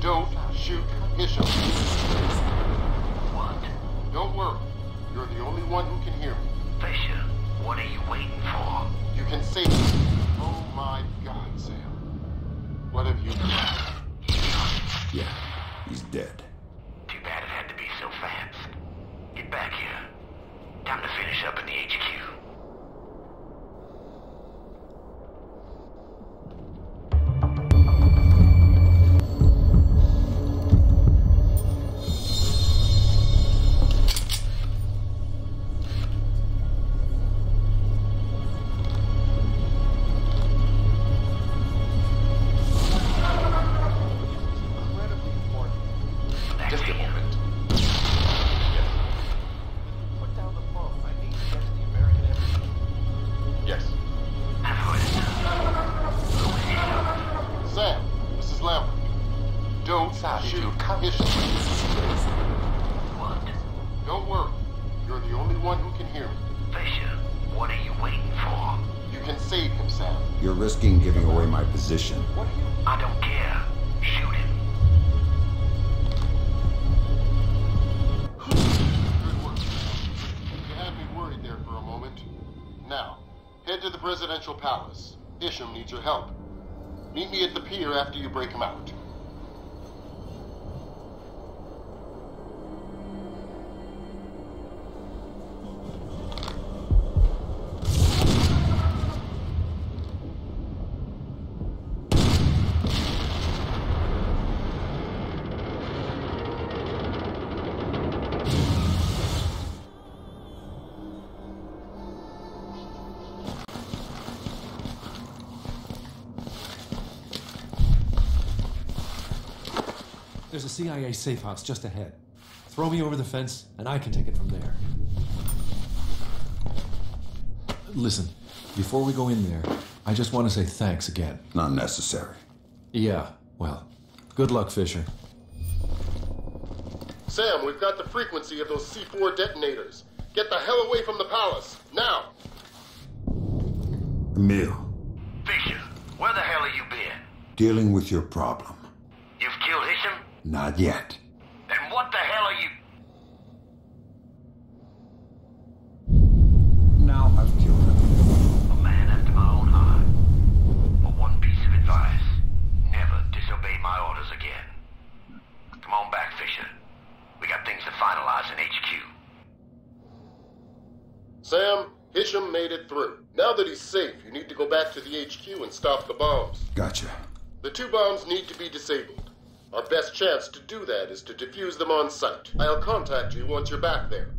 Don't shoot Fisher. What? Don't worry. You're the only one who can hear me. Fisher. what are you waiting for? You can see me. Oh my god, Sam. What have you done? Yeah, he's dead. Too bad it had to be so fast. Get back here. Time to finish up in the HQ. What? Don't worry. You're the only one who can hear me. Fisher, what are you waiting for? You can save him, Sam. You're risking giving away my position. What are you... I don't care. Shoot him. Good work. You had me worried there for a moment. Now, head to the presidential palace. Isham needs your help. Meet me at the pier after you break him out. There's a CIA safe house just ahead. Throw me over the fence, and I can take it from there. Listen, before we go in there, I just want to say thanks again. Not necessary. Yeah, well, good luck, Fisher. Sam, we've got the frequency of those C4 detonators. Get the hell away from the palace, now! Emil. Fisher, where the hell have you been? Dealing with your problem. Not yet. Then what the hell are you... Now I've killed him. A man after my own heart. But one piece of advice. Never disobey my orders again. Come on back, Fisher. We got things to finalize in HQ. Sam, Hisham made it through. Now that he's safe, you need to go back to the HQ and stop the bombs. Gotcha. The two bombs need to be disabled. Our best chance to do that is to defuse them on site. I'll contact you once you're back there.